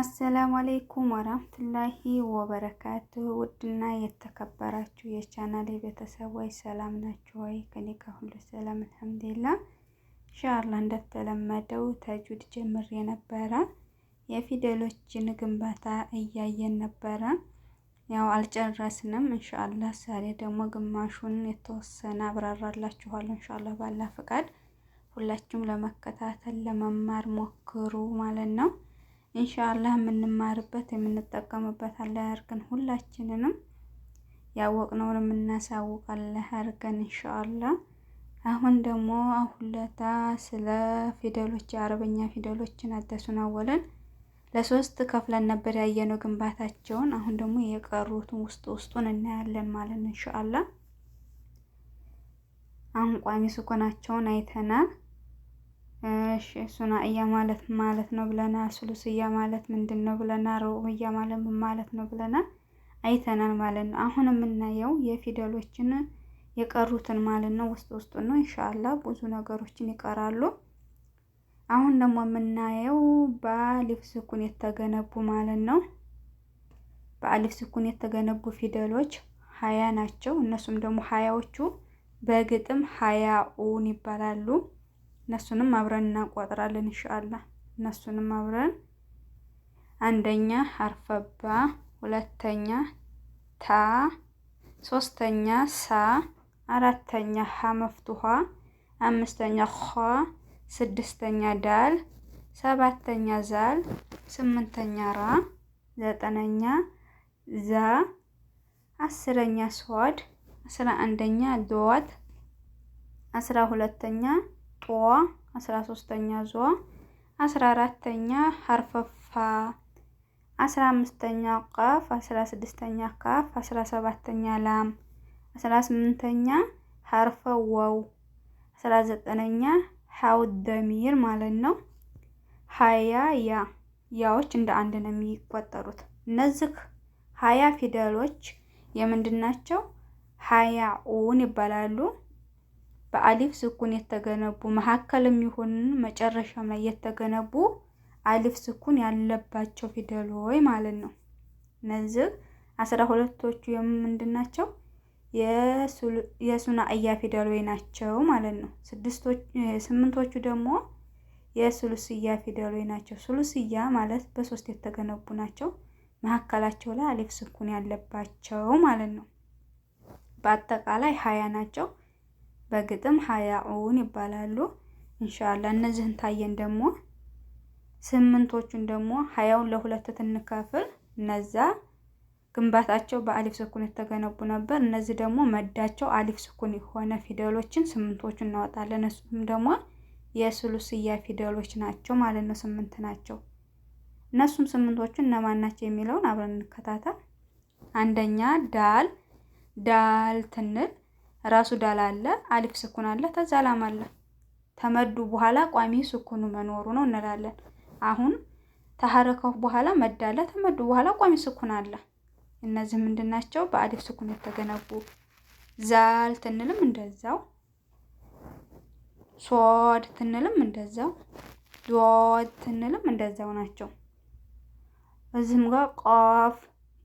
አሰላሙ አሌይኩም ወራህመቱላሂ ወበረካቱ። ውድና የተከበራችሁ የቻናሌ ቤተሰቦች ሰላም ናችሁ ወይ? ከኔ ከሁሉ ሰላም አልሐምዱሊላ። ኢንሻአላህ እንደተለመደው ተጁድ ጀምር የነበረ የፊደሎችን ግንባታ እያየን ነበረ። ያው አልጨረስንም። ኢንሻአላህ ዛሬ ደግሞ ግማሹን የተወሰነ አብራራላችኋለሁ። ኢንሻአላህ ባላ ፈቃድ ሁላችሁም ለመከታተል ለመማር ሞክሩ ማለት ነው። ኢንሻአላህ የምንማርበት የምንጠቀምበት አለ ያርገን። ሁላችንንም ያወቅነውን የምናሳውቅ አለ ያርገን ኢንሻአላህ። አሁን ደግሞ አሁለታ ስለ ፊደሎች የአረበኛ ፊደሎችን አደሱን አወለን ለሶስት ከፍለን ነበር ያየነው ግንባታቸውን። አሁን ደግሞ የቀሩትን ውስጥ ውስጡን እናያለን ማለት ነው ኢንሻአላህ። አሁን ቋሚ ስኮናቸውን አይተናል። እሺ ሱናእያ ማለት ማለት ነው ብለናል። ሱሉስያ ማለት ምንድን ነው ብለናል። ሩብያ ማለት ምን ማለት ነው ብለና አይተናል ማለት ነው። አሁን የምናየው የፊደሎችን የቀሩትን ማለት ነው። ውስጥ ውስጡ ነው ኢንሻአላ ብዙ ነገሮችን ይቀራሉ። አሁን ደግሞ የምናየው በአሊፍ ስኩን የተገነቡ ማለት ነው። በአሊፍ ስኩን የተገነቡ ፊደሎች ሀያ ናቸው። እነሱም ደግሞ ሀያዎቹ በግጥም ኡን ይባላሉ። እነሱንም አብረን እናቋጥራለን እንሻአላ። እነሱንም አብረን አንደኛ አርፈባ፣ ሁለተኛ ታ፣ ሶስተኛ ሳ፣ አራተኛ ሃ መፍቱሃ፣ አምስተኛ ኸ፣ ስድስተኛ ዳል፣ ሰባተኛ ዛል፣ ስምንተኛ ራ፣ ዘጠነኛ ዛ፣ አስረኛ ስዋድ፣ አስራ አንደኛ ዶዋት፣ አስራ ሁለተኛ ጦ፣ አስራ ሶስተኛ ዞ፣ አስራ አራተኛ ሀርፈፋ፣ አስራ አምስተኛ ቀፍ፣ አስራ ስድስተኛ ካፍ፣ አስራ ሰባተኛ ላም፣ አስራ ስምንተኛ ሀርፈ ዋው፣ አስራ ዘጠነኛ ሀው ደሚር ማለት ነው። ሀያ ያ ያዎች እንደ አንድ ነው የሚቆጠሩት። እነዚህ ሀያ ፊደሎች የምንድን ናቸው? ኡን ይባላሉ። በአሊፍ ስኩን የተገነቡ መሀከልም ይሁን መጨረሻም ላይ የተገነቡ አሊፍ ስኩን ያለባቸው ፊደሎች ማለት ነው። እነዚህ አስራ ሁለቶቹ የምንድን ናቸው? የሱናእያ ፊደሎች ናቸው ማለት ነው። ስምንቶቹ ደግሞ የሱሉስያ ፊደሎች ናቸው። ሱሉስያ ማለት በሶስት የተገነቡ ናቸው። መሀከላቸው ላይ አሊፍ ስኩን ያለባቸው ማለት ነው። በአጠቃላይ ሀያ ናቸው። በግጥም ሀያውን ይባላሉ። እንሻላ እነዚህን ታየን ደግሞ ስምንቶቹን ደግሞ ሀያውን ለሁለት ትንከፍል እነዛ ግንባታቸው በአሊፍ ስኩን የተገነቡ ነበር። እነዚህ ደግሞ መዳቸው አሊፍ ስኩን የሆነ ፊደሎችን ስምንቶቹ እናወጣለን። እሱም ደግሞ የስሉስያ ፊደሎች ናቸው ማለት ነው። ስምንት ናቸው። እነሱም ስምንቶቹ እነማን ናቸው የሚለውን አብረን እንከታተል። አንደኛ ዳል ዳል ትንል ራሱ ዳላ አለ፣ አሊፍ ስኩን አለ፣ ተዛ ላም አለ። ተመዱ በኋላ ቋሚ ስኩኑ መኖሩ ነው እንላለን። አሁን ተሐረከው በኋላ መድ አለ፣ ተመዱ በኋላ ቋሚ ስኩን አለ። እነዚህ ምንድናቸው? በአሊፍ ስኩን የተገነቡ ዛል ትንልም እንደዛው፣ ሶድ ትንልም እንደዛው፣ ዶድ ትንልም እንደዛው ናቸው። እዚህም ጋር ቋፍ፣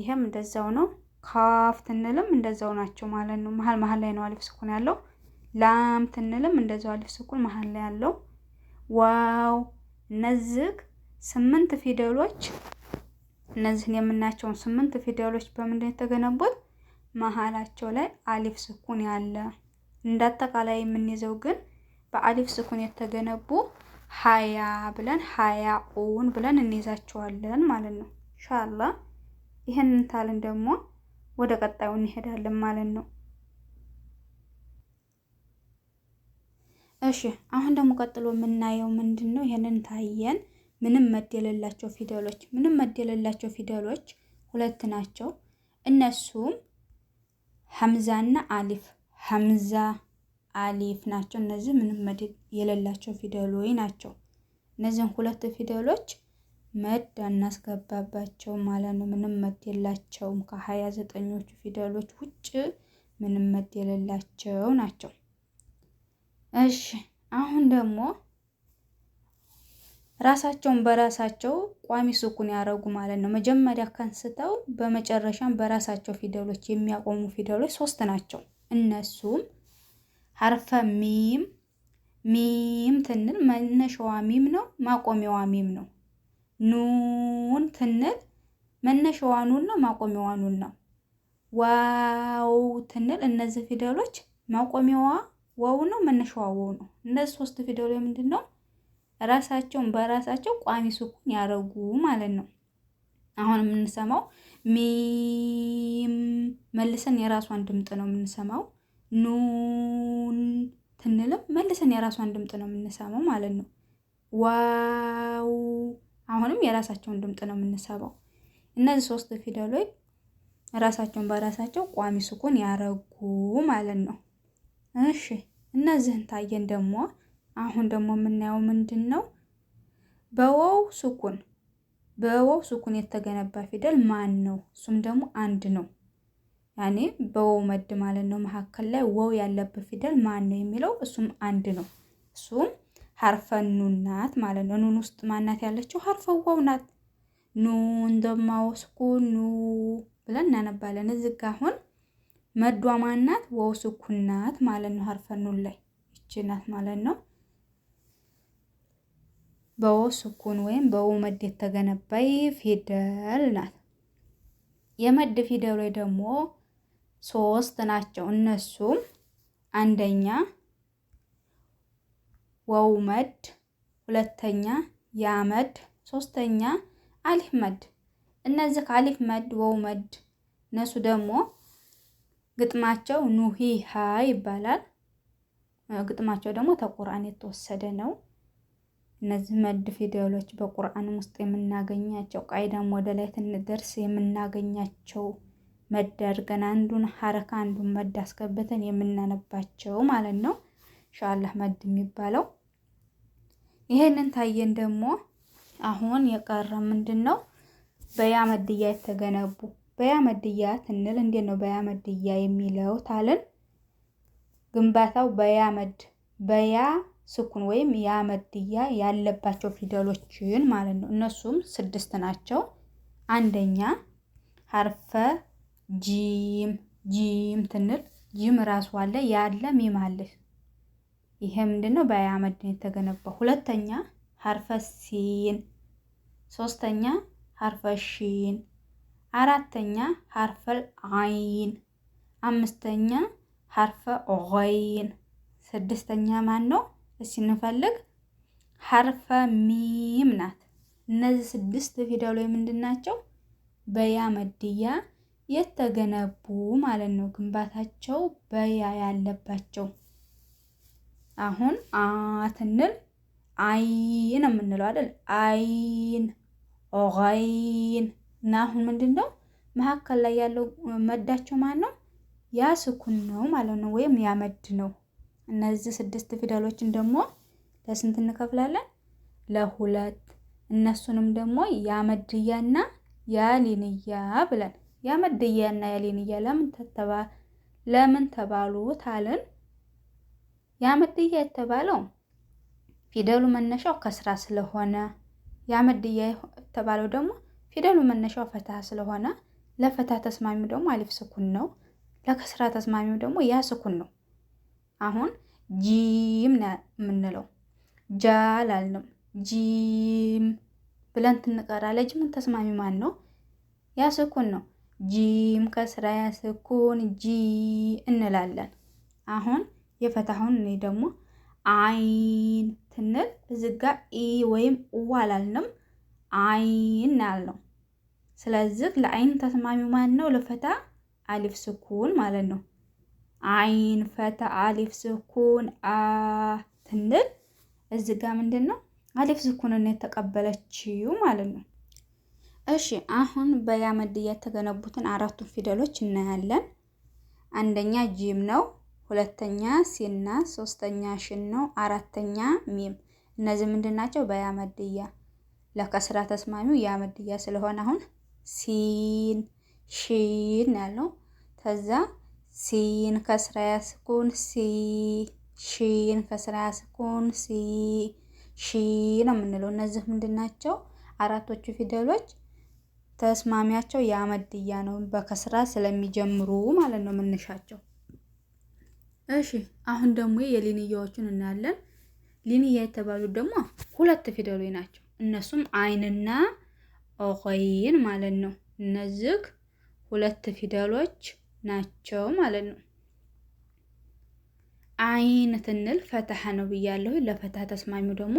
ይሄም እንደዛው ነው። ካፍ ትንልም እንደዛው ናቸው ማለት ነው። መሀል መሀል ላይ ነው አሊፍ ስኩን ያለው። ላም ትንልም እንደዛው አሊፍ ስኩን መሀል ላይ ያለው። ዋው እነዚህ ስምንት ፊደሎች እነዚህን የምናያቸውን ስምንት ፊደሎች በምንድን የተገነቡት? መሀላቸው ላይ አሊፍ ስኩን ያለ። እንዳጠቃላይ የምንይዘው ግን በአሊፍ ስኩን የተገነቡ ሀያ ብለን ሀያ ኡን ብለን እንይዛቸዋለን ማለት ነው። ኢንሻአላህ ይህንን ታልን ደግሞ ወደ ቀጣዩ እንሄዳለን ማለት ነው። እሺ አሁን ደግሞ ቀጥሎ የምናየው ምንድን ነው? ይህንን ታየን። ምንም መድ የሌላቸው ፊደሎች ምንም መድ የሌላቸው ፊደሎች ሁለት ናቸው። እነሱም ሐምዛና አሊፍ ሐምዛ አሊፍ ናቸው። እነዚህ ምንም መድ የሌላቸው ፊደሎች ናቸው። እነዚህን ሁለት ፊደሎች መድ አናስገባባቸው ማለት ነው። ምንም መድ የላቸውም። ከሀያ ዘጠኞቹ ፊደሎች ውጭ ምንም መድ የሌላቸው ናቸው። እሺ አሁን ደግሞ ራሳቸውን በራሳቸው ቋሚ ስኩን ያደረጉ ማለት ነው። መጀመሪያ ከንስተው በመጨረሻም በራሳቸው ፊደሎች የሚያቆሙ ፊደሎች ሶስት ናቸው። እነሱም ሀርፈ ሚም ሚም ትንል መነሻዋ ሚም ነው፣ ማቆሚያዋ ሚም ነው። ኑን ትንል መነሻዋ ኑን ነው፣ ማቆሚያዋ ኑን ነው። ዋው ትንል እነዚህ ፊደሎች ማቆሚያዋ ዋው ነው፣ መነሻዋ ዋው ነው። እነዚህ ሶስት ፊደሎች ምንድን ነው? ራሳቸውን በራሳቸው ቋሚ ስኩን ያደረጉ ማለት ነው። አሁን የምንሰማው ሚም መልሰን የራሷን ድምፅ ነው የምንሰማው። ኑን ትንልም መልሰን የራሷን ድምፅ ነው የምንሰማው ማለት ነው። ዋው አሁንም የራሳቸውን ድምፅ ነው የምንሰበው። እነዚህ ሶስት ፊደሎች ራሳቸውን በራሳቸው ቋሚ ስኩን ያረጉ ማለት ነው። እሺ እነዚህን ታየን ደግሞ አሁን ደግሞ የምናየው ምንድን ነው? በወው ስኩን በወው ስኩን የተገነባ ፊደል ማን ነው? እሱም ደግሞ አንድ ነው። ያኔ በወው መድ ማለት ነው። መካከል ላይ ወው ያለበት ፊደል ማን ነው የሚለው እሱም አንድ ነው። እሱም ሀርፈኑ ናት ማለት ነው። ኑን ውስጥ ማናት ያለችው ሀርፈዋው ናት። ኑ እንደማወስኩ ኑ ብለን እናነባለን። እዚህ ጋ አሁን መዷ ማናት ወው ስኩን ናት ማለት ነው። ሀርፈኑን ላይ ይቺ ናት ማለት ነው። በወ ስኩን ወይም በወ መድ የተገነባይ ፊደል ናት። የመድ ፊደሎች ደግሞ ሶስት ናቸው። እነሱም አንደኛ ወውመድ፣ ሁለተኛ ያመድ፣ ሶስተኛ አሊፍ መድ። እነዚህ አሊፍ መድ፣ ወውመድ እነሱ ደግሞ ግጥማቸው ኑሂ ሃ ይባላል። ግጥማቸው ደግሞ ተቁርአን የተወሰደ ነው። እነዚህ መድ ፊደሎች በቁርአን ውስጥ የምናገኛቸው ቃይዳም ወደ ላይ ትንደርስ የምናገኛቸው መድ አድርገን አንዱን ሀረካ አንዱን መድ አስገብተን የምናነባቸው ማለት ነው። ኢንሻአላህ መድ የሚባለው ይህንን ታየን ደግሞ አሁን የቀረ ምንድን ነው? በያመድያ የተገነቡ በያመድያ ትንል እንዴት ነው በያመድያ የሚለው ታልን ግንባታው በያመድ በያ ስኩን ወይም ያመድያ ያለባቸው ፊደሎችን ማለት ነው። እነሱም ስድስት ናቸው። አንደኛ ሀርፈ ጂም ጂም ትንል ጂም ራሱ አለ ያለ ሚም አለች ይሄ ምንድን ነው? በያ መድን የተገነባው። ሁለተኛ ሀርፈ ሲን፣ ሶስተኛ ሀርፈ ሺን፣ አራተኛ ሀርፈል አይን፣ አምስተኛ ሀርፈ ኦይን፣ ስድስተኛ ማን ነው? እስ እንፈልግ ሀርፈ ሚም ናት። እነዚህ ስድስት ፊደሎ ምንድን ናቸው? በያ መድያ የተገነቡ ማለት ነው። ግንባታቸው በያ ያለባቸው አሁን አትንል አይን የምንለው አይደል? አይን ኦይን እና አሁን ምንድን ነው መካከል ላይ ያለው መዳቸው ማን ነው? ያ ስኩን ነው ማለት ነው፣ ወይም ያመድ ነው። እነዚህ ስድስት ፊደሎችን ደግሞ ለስንት እንከፍላለን? ለሁለት። እነሱንም ደግሞ ያመድያና ያሊንያ ብለን ያመድያና ያሊንያ ለምን ተባሉ ታልን የአመድያ የተባለው ፊደሉ መነሻው ከስራ ስለሆነ የአመድያ የተባለው ደግሞ ፊደሉ መነሻው ፈትሐ ስለሆነ ለፈትሐ ተስማሚው ደግሞ አሊፍ ስኩን ነው። ለከስራ ተስማሚው ደግሞ ያ ስኩን ነው። አሁን ጂም የምንለው ጃ ላልንም ጂም ብለን ትንቀራ ለጅምን ተስማሚ ማን ነው? ያ ስኩን ነው። ጂም ከስራ ያ ስኩን ጂ እንላለን አሁን የፈታሁን እኔ ደግሞ አይን ትንል እዚህ ጋር ኢ ወይም ኡ አላልንም፣ አይን ያልነው። ስለዚህ ለአይን ተስማሚው ማን ነው? ለፈታ አሊፍ ስኩን ማለት ነው። አይን ፈታ አሊፍ ስኩን አ ትንል እዚህ ጋር ምንድን ነው? አሊፍ ስኩንን የተቀበለችው ማለት ነው። እሺ አሁን በያመድ የተገነቡትን አራቱን ፊደሎች እናያለን። አንደኛ ጂም ነው። ሁለተኛ ሲና ሶስተኛ ሽን ነው። አራተኛ ሚም። እነዚህ ምንድን ናቸው? በያመድያ ለከስራ ተስማሚው ያመድያ ስለሆነ አሁን ሲን ሺን ያለው ከዛ ሲን ከስራ ያስኩን ሲ ሺን ከስራ ያስኩን ሲ ሺ ነው የምንለው። እነዚህ ምንድን ናቸው? አራቶቹ ፊደሎች ተስማሚያቸው ያመድያ ነው። በከስራ ስለሚጀምሩ ማለት ነው የምንሻቸው። እሺ አሁን ደግሞ የሊንያዎቹን እናያለን። ሊንያ የተባሉት ደግሞ ሁለት ፊደሎች ናቸው። እነሱም አይንና ኦኸይን ማለት ነው። እነዚህ ሁለት ፊደሎች ናቸው ማለት ነው። አይን ትንል ፈትሐ ነው ብያለሁ። ለፈትሐ ተስማሚው ደግሞ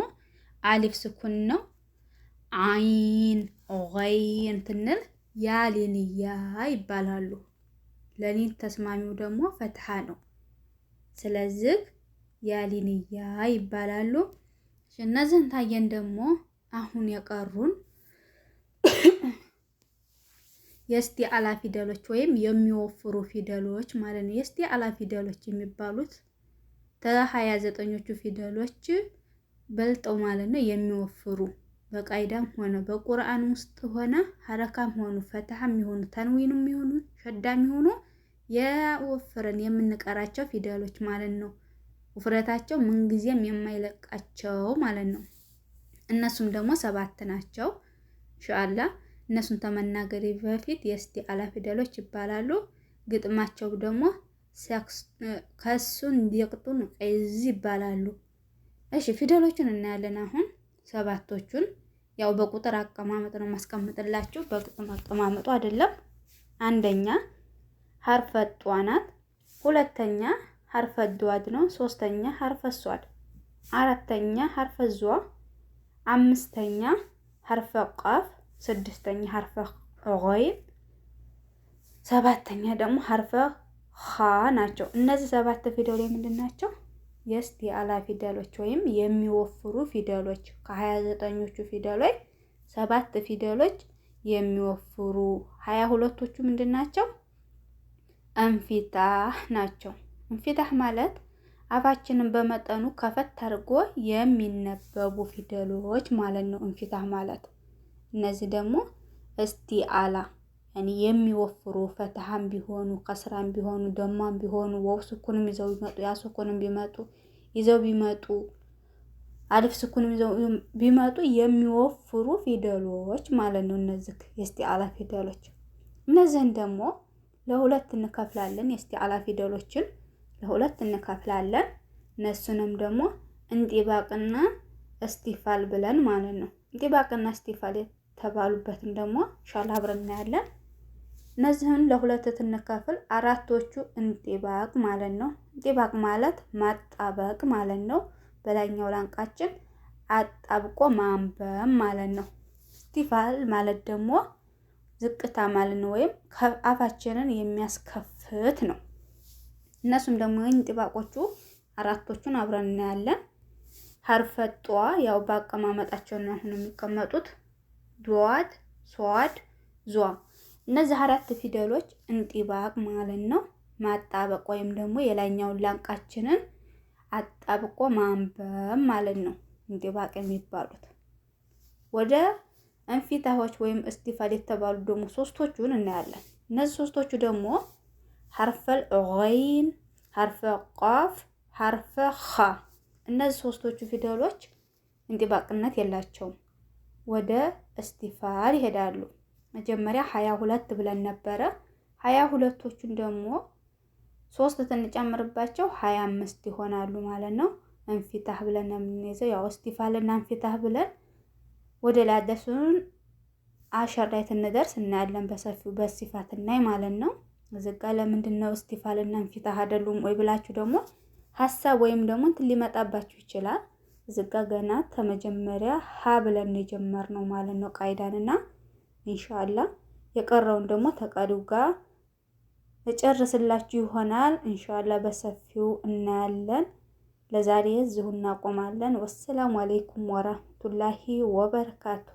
አሊፍ ስኩን ነው። አይን ኦኸይን ትንል ያ ሊንያ ይባላሉ። ለሊን ተስማሚው ደግሞ ፈትሐ ነው። ስለዚህ ያሊንያ ይባላሉ። እነዚህን ታየን ደግሞ አሁን የቀሩን የስቲ አላ ፊደሎች ወይም የሚወፍሩ ፊደሎች ማለት ነው። የስቲ አላ ፊደሎች የሚባሉት ተሀያ ዘጠኞቹ ፊደሎች በልጠው ማለት ነው የሚወፍሩ በቃይዳም ሆነ በቁርአን ውስጥ ሆነ ሀረካም ሆኑ ፈትሐም የሆኑ ተንዊንም የሆኑ ሸዳም የሆኑ የወፈረን የምንቀራቸው ፊደሎች ማለት ነው። ውፍረታቸው ምንጊዜም የማይለቃቸው ማለት ነው። እነሱም ደግሞ ሰባት ናቸው። እንሻአላ እነሱን ተመናገሪ በፊት የስቲ አላ ፊደሎች ይባላሉ። ግጥማቸው ደግሞ ከሱን ዲቅጡን ቀይዝ ይባላሉ። እሺ ፊደሎቹን እናያለን። አሁን ሰባቶቹን ያው በቁጥር አቀማመጥ ነው ማስቀምጥላችሁ፣ በግጥም አቀማመጡ አይደለም። አንደኛ ሐርፈ ጧ ናት። ሁለተኛ ሐርፈ ድዋድ ነው። ሶስተኛ ሐርፈ ሷድ፣ አራተኛ ሐርፈ ዟ፣ አምስተኛ ሐርፈ ቋፍ፣ ስድስተኛ ሐርፈ ሆይም፣ ሰባተኛ ደግሞ ሐርፈ ኻ ናቸው። እነዚህ ሰባት ፊደል የምንድን ናቸው? የስት የአላ ፊደሎች ወይም የሚወፍሩ ፊደሎች ከሀያ ዘጠኞቹ ፊደሎች ሰባት ፊደሎች የሚወፍሩ ሀያ ሁለቶቹ ምንድን ናቸው? እንፊታህ ናቸው። እንፊታህ ማለት አፋችንን በመጠኑ ከፈት አድርጎ የሚነበቡ ፊደሎች ማለት ነው። እንፊታህ ማለት እነዚህ ደግሞ እስቲ አላ ያኔ የሚወፍሩ ፈትሃም ቢሆኑ ከስራም ቢሆኑ ደማም ቢሆኑ ወው ስኩንም ይዘው ቢመጡ ያ ስኩንም ቢመጡ ይዘው ቢመጡ አልፍ ስኩንም ይዘው ቢመጡ የሚወፍሩ ፊደሎች ማለት ነው። እነዚህ የስቲ አላ ፊደሎች እነዚህን ደግሞ ለሁለት እንከፍላለን። የእስቲዓላ ፊደሎችን ለሁለት እንከፍላለን። እነሱንም ደግሞ እንጢባቅና እስቲፋል ብለን ማለት ነው። እንጢባቅና እስቲፋል የተባሉበትን ደግሞ ሻላ አብረን እናያለን። እነዚህን ለሁለት ትንከፍል አራቶቹ እንጢባቅ ማለት ነው። እንጢባቅ ማለት ማጣበቅ ማለት ነው። በላይኛው ላንቃችን አጣብቆ ማንበብ ማለት ነው። እስቲፋል ማለት ደግሞ ዝቅታ ማለት ነው፣ ወይም አፋችንን የሚያስከፍት ነው። እነሱም ደግሞ እንጥባቆቹ አራቶቹን አብረን እናያለን። ሀርፈጧ ያው በአቀማመጣቸው ነው አሁን የሚቀመጡት። ድዋድ፣ ሰዋድ፣ ዟ እነዚህ አራት ፊደሎች እንጢባቅ ማለት ነው። ማጣበቅ ወይም ደግሞ የላይኛውን ላንቃችንን አጣብቆ ማንበብ ማለት ነው። እንጢባቅ የሚባሉት ወደ እንፊታሆች ወይም እስቲፋል የተባሉ ደግሞ ሶስቶቹን እናያለን። እነዚህ ሶስቶቹ ደግሞ ሀርፈል ዐይን፣ ሀርፈ ቋፍ፣ ሀርፈ ኸ። እነዚህ ሶስቶቹ ፊደሎች እንጢባቅነት የላቸውም፣ ወደ እስቲፋል ይሄዳሉ። መጀመሪያ ሀያ ሁለት ብለን ነበረ። ሀያ ሁለቶቹን ደግሞ ሶስት ትንጨምርባቸው ሀያ አምስት ይሆናሉ ማለት ነው። እንፊታህ ብለን የምንይዘው ያው እስቲፋልና እንፊታህ ብለን ወደ ላደሱን አሸር ላይ ትንደርስ እናያለን። በሰፊው በስቲፋት እናይ ማለት ነው። ዝጋ ለምንድን ነው እስቲፋልና እንፊታህ አይደሉም ወይ ብላችሁ ደግሞ ሀሳብ ወይም ደግሞ እንትን ሊመጣባችሁ ይችላል። ዝጋ ገና ከመጀመሪያ ሀ ብለን ነው ማለት ነው ቃይዳንና ኢንሻአላ የቀረውን ደግሞ ተቀሪው ጋር እጨርስላችሁ ይሆናል ኢንሻአላ በሰፊው እናያለን። ለዛሬ እዚሁ እናቆማለን። ወሰላሙ አሌይኩም ወራ ወረህመቱላሂ ወበረካቱ